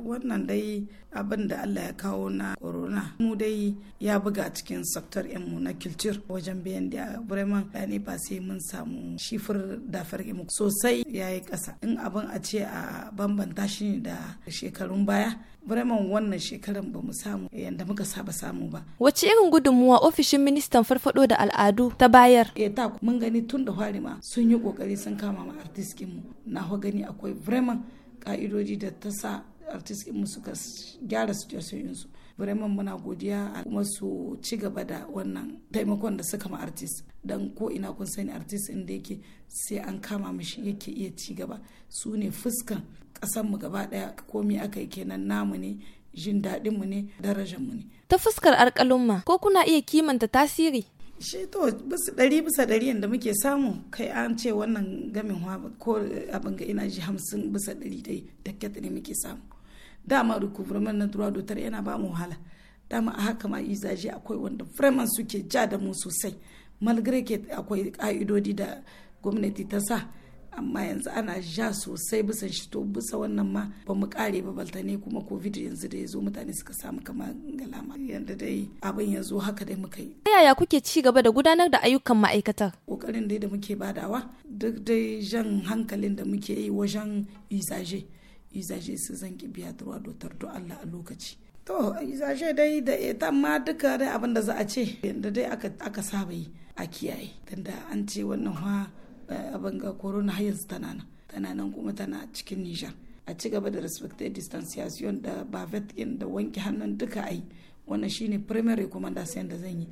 wannan dai abin da allah ya kawo na corona mu dai ya buga cikin sektor mu na culture wajen biyan da bremen ne ba sai mun samu shifir da mu sosai ya yi ƙasa in abin a ce a bambanta shi ne da shekarun baya bremen wannan shekarun ba mu samu yadda muka saba samu ba wace irin gudunmuwa ofishin ministan farfado da al'adu ta bayar e ta mun gani tun da fari ma sun yi kokari sun kama ma artiskin mu na gani akwai bremen ka'idoji da ta sa artist mu suka gyara situation su vraiment muna godiya kuma su ci gaba da wannan taimakon da suka ma artist dan ko ina kun sani artist inda yake sai an kama mishi yake iya ci gaba su ne fuskan kasan mu gaba daya komai aka yi kenan namu ne jin daɗin mu ne darajar mu ne ta fuskar alƙalumma ko kuna iya kimanta tasiri shi to bisa ɗari bisa ɗari yadda muke samu kai an ce wannan gamin ko abin ga ina ji hamsin bisa ɗari dai da ne muke samu dama recouvrement na droit dotar yana ba mu wahala dama a haka ma izaje akwai wanda vraiment suke ja da mu sosai malgré akwai ka'idodi da gwamnati ta sa amma yanzu ana ja sosai bisa shi to bisa wannan ma ba mu kare ba baltane kuma covid yanzu da ya zo mutane suka samu kama galama yanda dai abin ya zo haka dai muka yi. ta yaya kuke ci gaba da gudanar da ayyukan ma'aikatar. kokarin dai da muke badawa duk dai jan hankalin da muke yi wajen izaje. izaje su zan ki biya turwa dotar do Allah a lokaci to izaje dai da ita ma duka dai abin da za a ce da dai aka saba yi a kiyaye tunda an ce wannan ha eh, abin ga corona har yanzu tana nan tana nan kuma tana cikin Nijar a ci gaba da respected distanciation da bavet in da wanke hannun duka a yi wannan shine primary recommendation da zan yi